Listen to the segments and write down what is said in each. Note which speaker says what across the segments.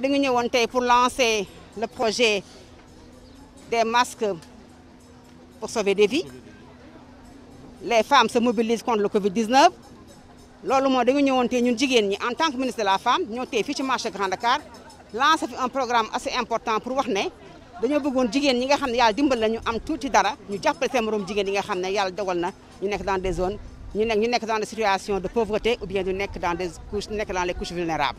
Speaker 1: Nous avons lancé pour lancer le projet des masques pour sauver des vies les femmes se mobilisent contre le Covid-19 Nous, avons en tant que ministre de la femme nous avons fait ci marché Grand Dakar lancer un programme assez important pour wax Nous avons bëggoon jigéen ñi nga xam ne dimbal la am tuuti dara ñu jàppale ne dogal na dans des zones ñu nekk ñu nekk dans des situations de pauvreté ou bien dans des dans les couches vulnérables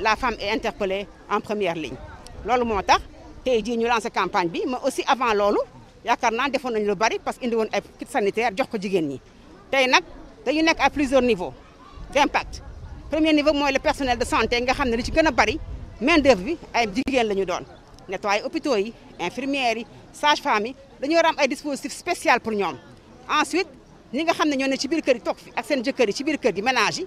Speaker 1: la femme est interpellée en première ligne loolu moo tax tey jii ñu cette campagne bi mais aussi avant cela, nous avons defoon nañu lu bari parce qu'il indi avait ay kit sanitaire jox ko jigéen ñi tey nag dañu nekk à plusieurs niveaux d'impact. Le premier niveau mooy le personnel de santé nga xam que li ci gën bari main d'œuvre bi ay jigéen la ñu doon les hôpitaux les infirmières les sage femme Nous avons war ay dispositif spécial pour nous. ensuite ñi nga que ne ñoo ne ci biir kër yi fi ak seen jëkkër ci ménage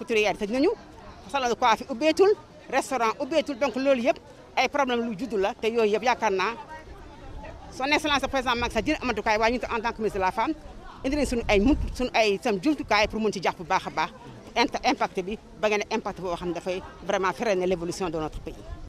Speaker 1: nous, nañu salon de coiffure restaurant donc problème la son excellence président Macky Sall en tant que ministre de la femme nous ay pour ci impact vraiment freiner l'évolution de notre pays